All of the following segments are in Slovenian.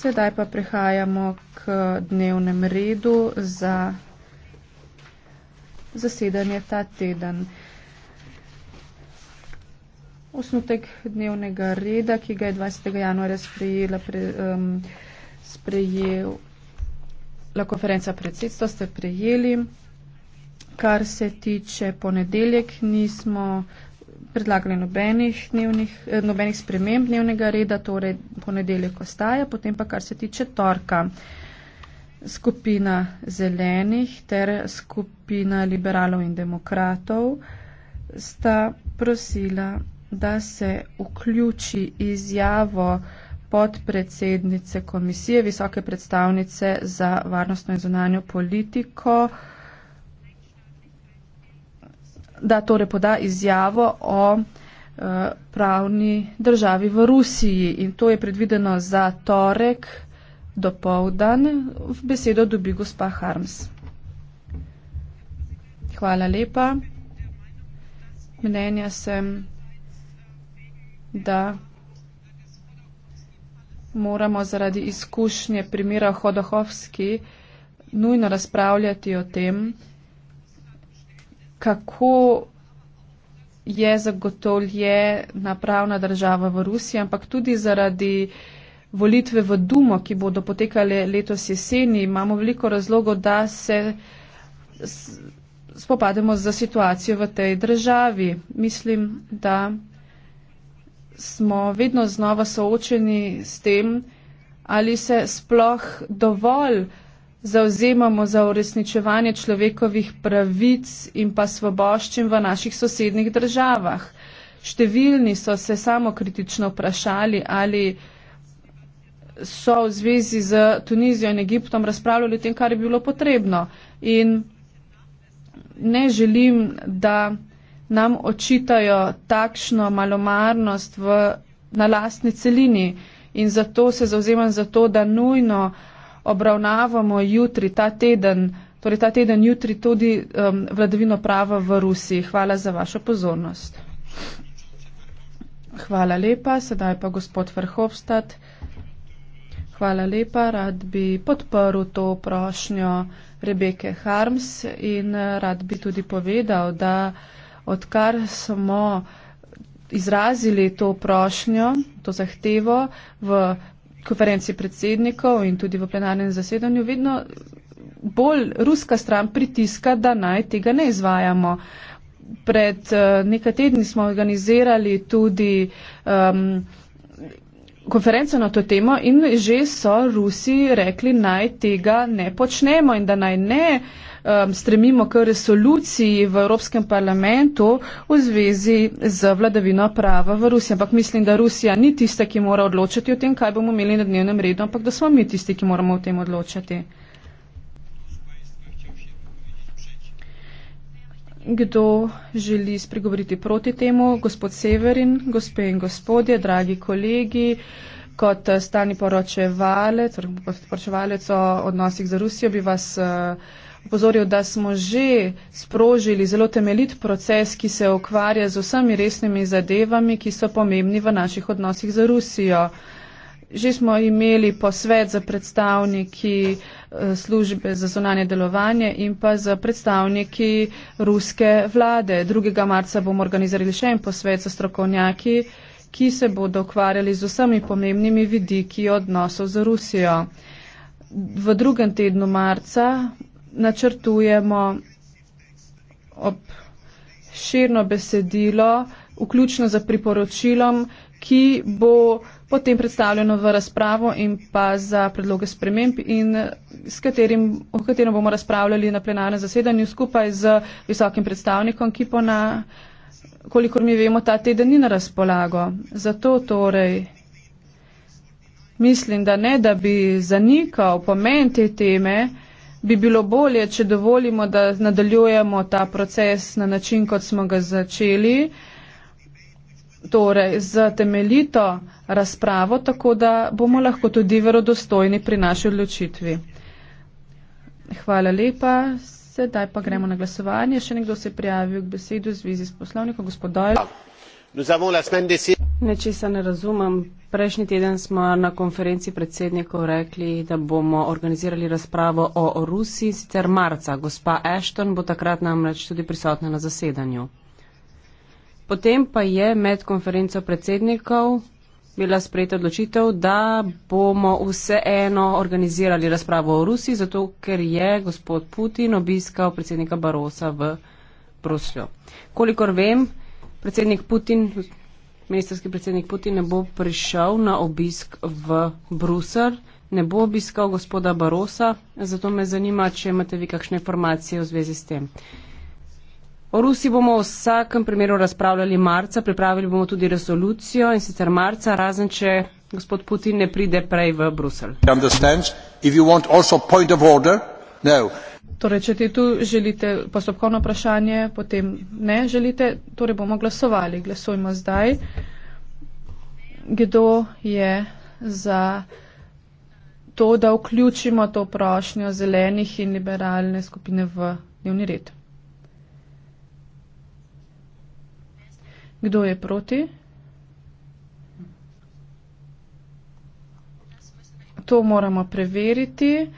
Sedaj pa prehajamo k dnevnem redu za zasedanje ta teden. Osnutek dnevnega reda, ki ga je 20. januarja sprejela, pre, um, sprejel la konferenca predsedstva, ste prejeli. Kar se tiče ponedeljek, nismo predlagali nobenih, dnevnih, eh, nobenih sprememb dnevnega reda, torej ponedeljek ostaja, potem pa kar se tiče torka. Skupina zelenih ter skupina liberalov in demokratov sta prosila, da se vključi izjavo podpredsednice komisije, visoke predstavnice za varnostno in zunanjo politiko da torej poda izjavo o eh, pravni državi v Rusiji in to je predvideno za torek do povdan. V besedo dobi gospa Harms. Hvala lepa. Mnenja sem, da moramo zaradi izkušnje primera Hodohovski nujno razpravljati o tem, kako je zagotovljena pravna država v Rusiji, ampak tudi zaradi volitve v Dumo, ki bodo potekale letos jeseni, imamo veliko razlogov, da se spopademo z situacijo v tej državi. Mislim, da smo vedno znova soočeni s tem, ali se sploh dovolj zauzemamo za uresničevanje človekovih pravic in pa svoboščin v naših sosednjih državah. Številni so se samo kritično vprašali, ali so v zvezi z Tunizijo in Egiptom razpravljali o tem, kar je bilo potrebno. In ne želim, da nam očitajo takšno malomarnost v, na lastni celini. In zato se zauzemam za to, da nujno obravnavamo jutri, ta teden, torej ta teden jutri tudi um, vladavino prava v Rusiji. Hvala za vašo pozornost. Hvala lepa, sedaj pa gospod Verhofstadt. Hvala lepa, rad bi podprl to prošnjo Rebeke Harms in eh, rad bi tudi povedal, da odkar smo izrazili to prošnjo, to zahtevo v konferenci predsednikov in tudi v plenarnem zasedanju vedno bolj ruska stran pritiska, da naj tega ne izvajamo. Pred uh, nekaj tedni smo organizirali tudi um, konferenco na to temo in že so Rusi rekli, naj tega ne počnemo in da naj ne um, stremimo k resoluciji v Evropskem parlamentu v zvezi z vladavino prava v Rusiji. Ampak mislim, da Rusija ni tista, ki mora odločati o tem, kaj bomo imeli na dnevnem redu, ampak da smo mi tisti, ki moramo o tem odločati. kdo želi spregovoriti proti temu. Gospod Severin, gospe in gospodje, dragi kolegi, kot stani poročevalec, poročevalec o odnosih z Rusijo bi vas eh, opozoril, da smo že sprožili zelo temeljit proces, ki se ukvarja z vsemi resnimi zadevami, ki so pomembni v naših odnosih z Rusijo že smo imeli posvet za predstavniki eh, službe za zonanje delovanje in pa za predstavniki ruske vlade. 2. marca bomo organizirali še en posvet za strokovnjaki, ki se bodo ukvarjali z vsemi pomembnimi vidiki odnosov z Rusijo. V drugem tednu marca načrtujemo ob širno besedilo, vključno za priporočilom, ki bo potem predstavljeno v razpravo in pa za predloge sprememb, in s katerim o katerem bomo razpravljali na plenarnem zasedanju skupaj z visokim predstavnikom, ki po na, kolikor mi vemo, ta teden ni na razpolago. Zato torej mislim, da ne, da bi zanikal pomen te teme, bi bilo bolje, če dovolimo, da nadaljujemo ta proces na način, kot smo ga začeli torej z temeljito razpravo, tako da bomo lahko tudi verodostojni pri naši odločitvi. Hvala lepa. Sedaj pa gremo na glasovanje. Še nekdo se je prijavil k besedu v zvezi s poslovnikom, gospod Dojl. Nečesa ne razumem. Prejšnji teden smo na konferenci predsednikov rekli, da bomo organizirali razpravo o Rusiji, sicer marca. Gospa Ashton bo takrat namreč tudi prisotna na zasedanju. Potem pa je med konferenco predsednikov bila sprejeta odločitev, da bomo vseeno organizirali razpravo o Rusiji, zato ker je gospod Putin obiskal predsednika Barosa v Bruslju. Kolikor vem, predsednik Putin, ministerski predsednik Putin ne bo prišel na obisk v Brusel, ne bo obiskal gospoda Barosa, zato me zanima, če imate vi kakšne informacije v zvezi s tem. O Rusiji bomo v vsakem primeru razpravljali marca, pripravili bomo tudi resolucijo in sicer marca, razen če gospod Putin ne pride prej v Brusel. No. Torej, če ti tu želite postopkovno vprašanje, potem ne želite, torej bomo glasovali. Glasujmo zdaj. Kdo je za to, da vključimo to prošnjo zelenih in liberalne skupine v dnevni red? Kdo je proti? To moramo preveriti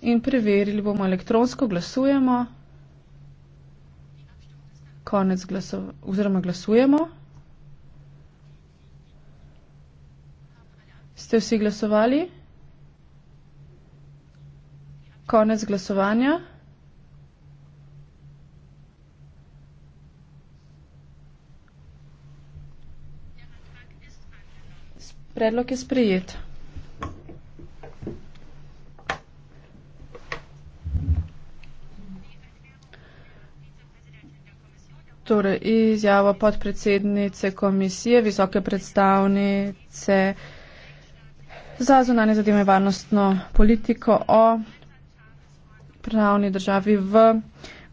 in preverili bomo elektronsko. Glasujemo. Konec glasov, oziroma glasujemo. Ste vsi glasovali? Konec glasovanja. Predlog je sprejet. Torej, izjava podpredsednice komisije, visoke predstavnice za zunanje zadeve varnostno politiko o pravni državi v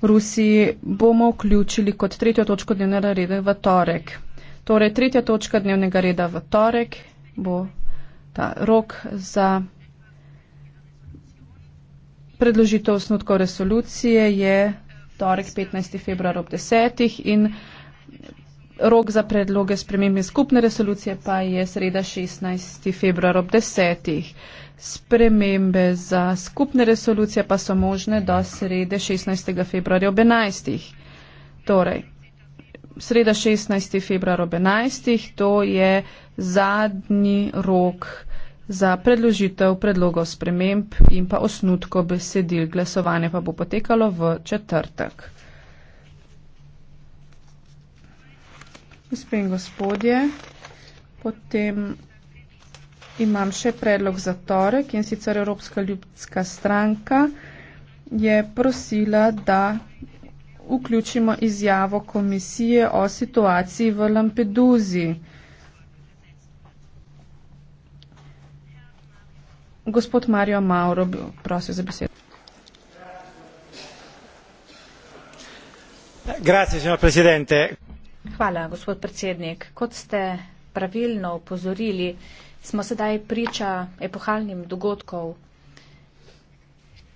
Rusiji bomo vključili kot tretjo točko dnevnega reda v torek. Torej, tretja točka dnevnega reda v torek bo ta rok za predložitev osnutkov resolucije je torek 15. februar ob 10. in rok za predloge spremembe skupne resolucije pa je sreda 16. februar ob 10. Spremembe za skupne resolucije pa so možne do srede 16. februarja ob 11. Torej, sreda 16. februar ob 11. to je zadnji rok za predložitev predlogov sprememb in pa osnutko besedil. Glasovanje pa bo potekalo v četrtek. Gospe in gospodje, potem imam še predlog za torek in sicer Evropska ljudska stranka je prosila, da vključimo izjavo komisije o situaciji v Lampeduzi. Gospod Mario Mauro bi prosil za besedo. Grazie, Hvala, gospod predsednik. Kot ste pravilno upozorili, smo sedaj priča epohalnim dogodkov,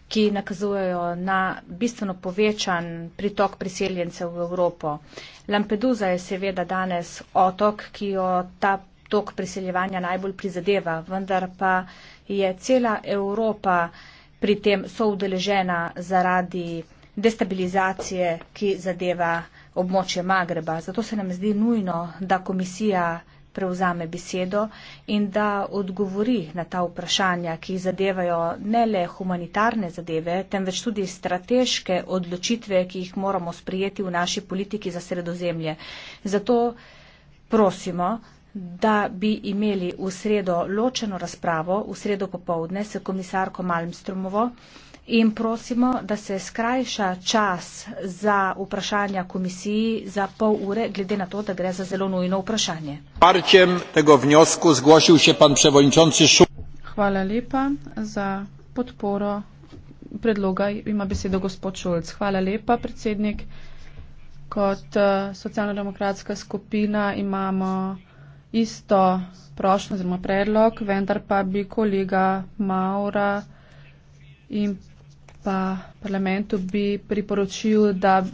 ki nakazujejo na bistveno povečan pritok priseljencev v Evropo. Lampedusa je seveda danes otok, ki jo ta tok priseljevanja najbolj prizadeva, vendar pa je cela Evropa pri tem soudeležena zaradi destabilizacije, ki zadeva območje Magreba. Zato se nam zdi nujno, da komisija prevzame besedo in da odgovori na ta vprašanja, ki zadevajo ne le humanitarne zadeve, temveč tudi strateške odločitve, ki jih moramo sprijeti v naši politiki za sredozemlje. Zato prosimo, da bi imeli v sredo ločeno razpravo, v sredo popovdne s komisarko Malmstromovo in prosimo, da se skrajša čas za vprašanja komisiji za pol ure, glede na to, da gre za zelo nujno vprašanje. Parčem tega vnjosku zglošil še pan prevojničonci Šu. Hvala lepa za podporo predloga. Ima besedo gospod Šulc. Hvala lepa, predsednik. Kot eh, socialno-demokratska skupina imamo isto prošlo oziroma predlog, vendar pa bi kolega Maura in pa parlamentu bi priporočil, da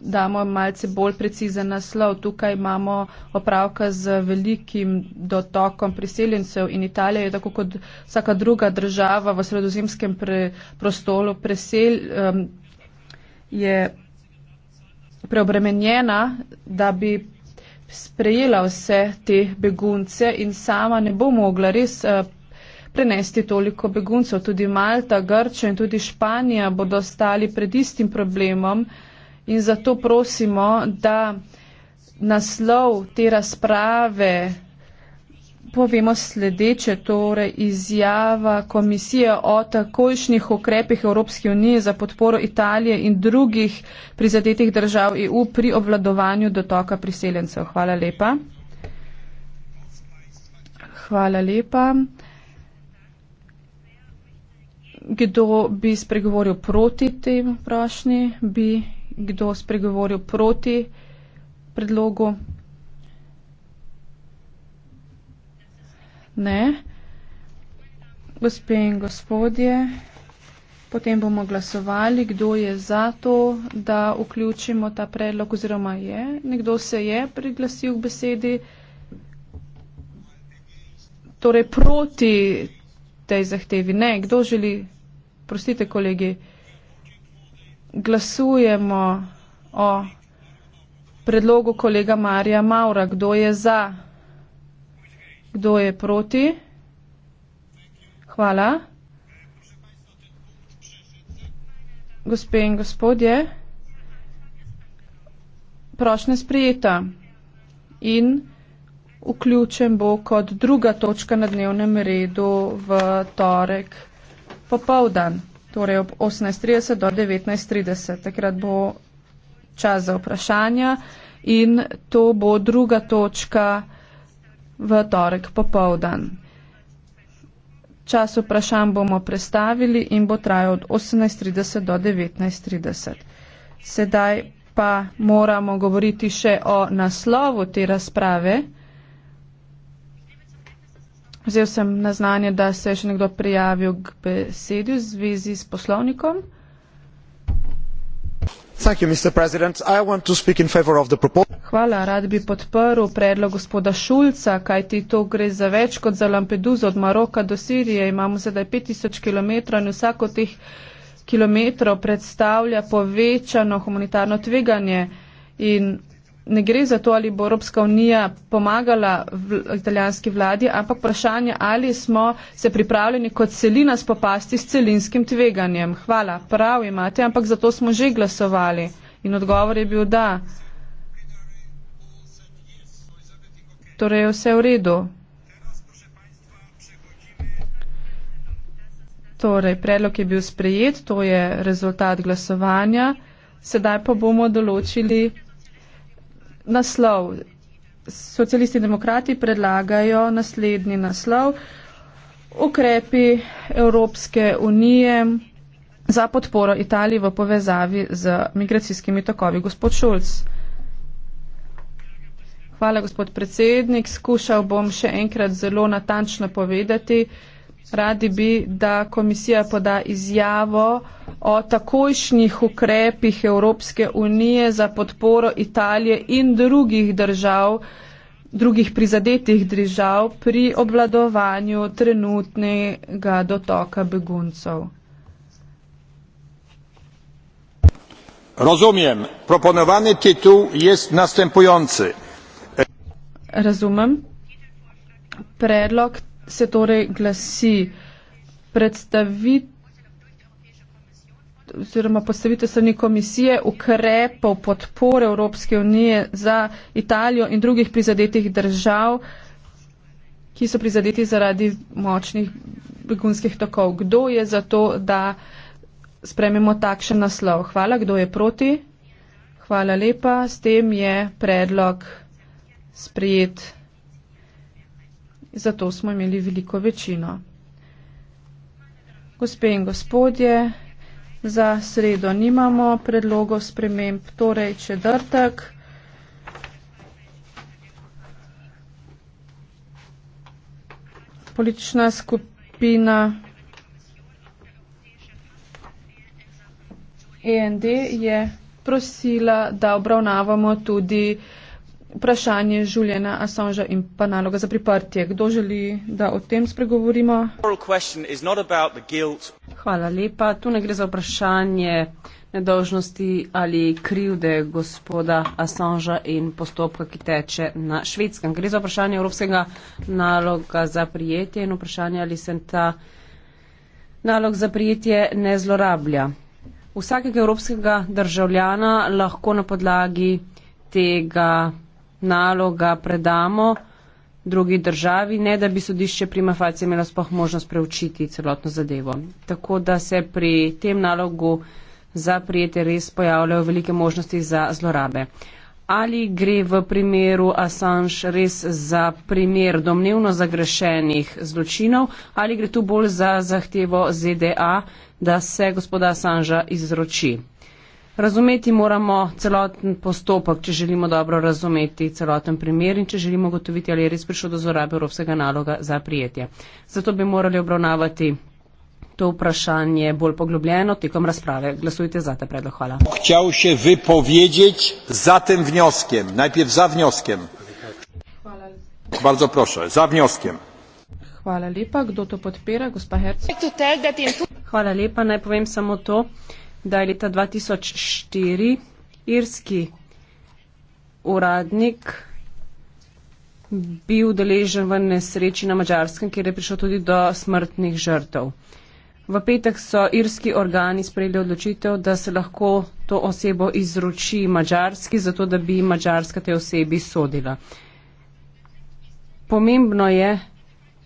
damo malce bolj precizen naslov. Tukaj imamo opravka z velikim dotokom priseljencev in Italija je tako kot vsaka druga država v sredozemskem pre, prostoru presel, um, je preobremenjena, da bi sprejela vse te begunce in sama ne bo mogla res uh, prenesti toliko beguncev. Tudi Malta, Grča in tudi Španija bodo stali pred istim problemom in zato prosimo, da naslov te razprave povemo sledeče, torej izjava komisije o takojšnjih ukrepih Evropske unije za podporo Italije in drugih prizadetih držav EU pri obvladovanju dotoka priseljencev. Hvala lepa. Hvala lepa. Kdo bi spregovoril proti tem prošnji? Bi kdo spregovoril proti predlogu? Ne. Gospe in gospodje, potem bomo glasovali, kdo je za to, da vključimo ta predlog oziroma je. Nekdo se je priglasil k besedi. Torej proti tej zahtevi. Ne, kdo želi. Prostite, kolegi. Glasujemo o predlogu kolega Marija Maura. Kdo je za? Kdo je proti? Hvala. Gospe in gospodje, prošnja sprijeta in vključen bo kot druga točka na dnevnem redu v torek popovdan, torej ob 18.30 do 19.30. Takrat bo čas za vprašanja in to bo druga točka v torek popovdan. Čas vprašanj bomo prestavili in bo trajal od 18.30 do 19.30. Sedaj pa moramo govoriti še o naslovu te razprave. Vzel sem na znanje, da se je še nekdo prijavil k besedi v zvezi s poslovnikom. Thank you, Mr. President. I want to speak in favor of the proposal. Hvala, rad bi podprl predlog gospoda Šulca, kaj ti to gre za več kot za Lampeduzo od Maroka do Sirije. Imamo sedaj 5000 km in vsako teh kilometrov predstavlja povečano humanitarno tveganje. In ne gre za to, ali bo Evropska unija pomagala v italijanski vladi, ampak vprašanje, ali smo se pripravljeni kot celina spopasti s celinskim tveganjem. Hvala, prav imate, ampak zato smo že glasovali. In odgovor je bil da. Torej je vse v redu. Torej, predlog je bil sprejet, to je rezultat glasovanja. Sedaj pa bomo določili naslov. Socialisti demokrati predlagajo naslednji naslov. Ukrepi Evropske unije za podporo Italiji v povezavi z migracijskimi tokovi. Gospod Šulc. Hvala, gospod predsednik. Skušal bom še enkrat zelo natančno povedati. Radi bi, da komisija poda izjavo o takojšnjih ukrepih Evropske unije za podporo Italije in drugih držav, drugih prizadetih držav pri obvladovanju trenutnega dotoka beguncev. Razumem, proponovani titul je naslednji razumem. Predlog se torej glasi predstavitev oziroma postavitev strani komisije ukrepov podpore Evropske unije za Italijo in drugih prizadetih držav, ki so prizadeti zaradi močnih begunskih tokov. Kdo je za to, da sprememo takšen naslov? Hvala. Kdo je proti? Hvala lepa. S tem je predlog sprejet. Zato smo imeli veliko večino. Gospe in gospodje, za sredo nimamo predlogov sprememb, torej četrtek. Politična skupina END je prosila, da obravnavamo tudi vprašanje Žuljena Assangea in pa naloga za priprtje. Kdo želi, da o tem spregovorimo? Hvala lepa. Tu ne gre za vprašanje nedolžnosti ali krivde gospoda Assangea in postopka, ki teče na švedskem. Gre za vprašanje evropskega naloga za prijetje in vprašanje, ali se ta nalog za prijetje ne zlorablja. Vsakega evropskega državljana lahko na podlagi tega naloga predamo drugi državi, ne da bi sodišče prima facija imela spoh možnost preučiti celotno zadevo. Tako da se pri tem nalogu za prijete res pojavljajo velike možnosti za zlorabe. Ali gre v primeru Assange res za primer domnevno zagrešenih zločinov ali gre tu bolj za zahtevo ZDA, da se gospoda Assangea izroči? Uh, Razumeti moramo celoten postopek, če želimo dobro razumeti celoten primer in če želimo gotoviti, ali je res prišlo do zorabe evropskega naloga za prijetje. Zato bi morali obravnavati to vprašanje bolj poglobljeno tekom razprave. Glasujte za ta predlog. Hvala. Htjel še vypovedjeti za tem vnioskem. Najprej za vnioskem. Hvala. Bardzo prosim, za vnioskem. Hvala lepa. Kdo to podpira? Gospa Herc. Hvala lepa. Naj povem samo to da je leta 2004 irski uradnik bil deležen v nesreči na Mačarskem, kjer je prišlo tudi do smrtnih žrtev. V petek so irski organi sprejeli odločitev, da se lahko to osebo izroči Mačarski, zato da bi Mačarska te osebi sodila. Pomembno je,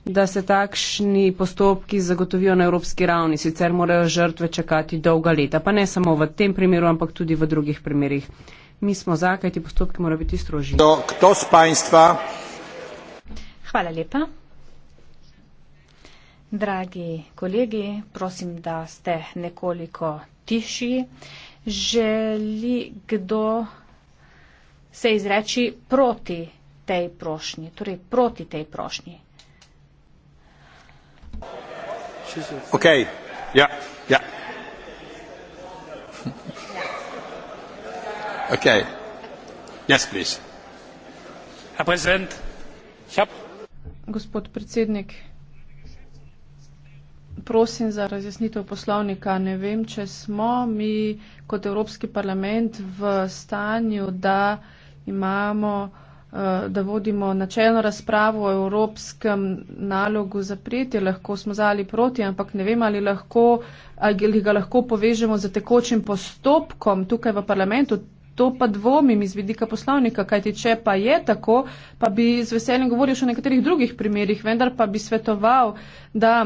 da se takšni postopki zagotovijo na evropski ravni. Sicer morajo žrtve čakati dolga leta, pa ne samo v tem primeru, ampak tudi v drugih primerjih. Mi smo za, kaj ti postopki morajo biti strožji. Kdo z panjstva? Hvala lepa. Dragi kolegi, prosim, da ste nekoliko tiši. Želi kdo se izreči proti tej prošnji, torej proti tej prošnji? Oké, okay. ja, ja. Oké, okay. yes please. Herr Präsident, ich habe. Gospod predsednik, prosim za razjasnitev poslovnika. Ne vem, če smo mi kot Evropski parlament v stanju, da imamo. Eh, da vodimo načelno razpravo o evropskem nalogu za prijetje, lahko smo za ali proti, ampak ne vem, ali, lahko, ali ga lahko povežemo z tekočim postopkom tukaj v parlamentu. To pa dvomim iz vidika poslovnika, kajti če pa je tako, pa bi z veseljem govoril še o nekaterih drugih primerjih, vendar pa bi svetoval, da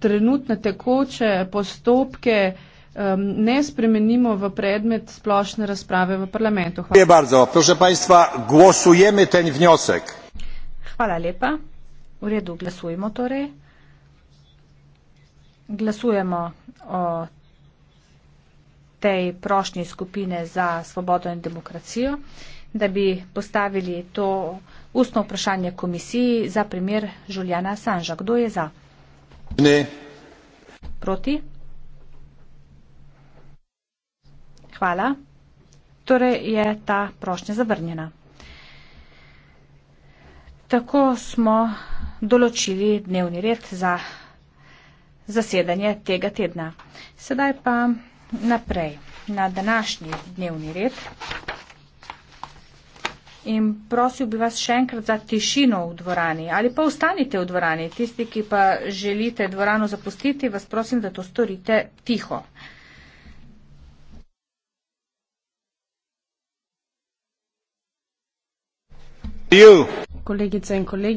trenutne tekoče postopke uh, um, ne spremenimo v predmet splošne razprave v parlamentu. Hvala. Bardzo, proszę państwa, głosujemy ten wniosek. Hvala lepa. V redu glasujemo torej. Glasujemo o tej prošnji skupine za svobodo in demokracijo, da bi postavili to ustno vprašanje komisiji za primer Žuljana Sanža. Kdo je za? Ne. Proti? Hvala. Torej je ta prošnja zavrnjena. Tako smo določili dnevni red za zasedanje tega tedna. Sedaj pa naprej na današnji dnevni red. In prosil bi vas še enkrat za tišino v dvorani ali pa ostanite v dvorani. Tisti, ki pa želite dvorano zapustiti, vas prosim, da to storite tiho. kolegice in kolegi lep pozdrav!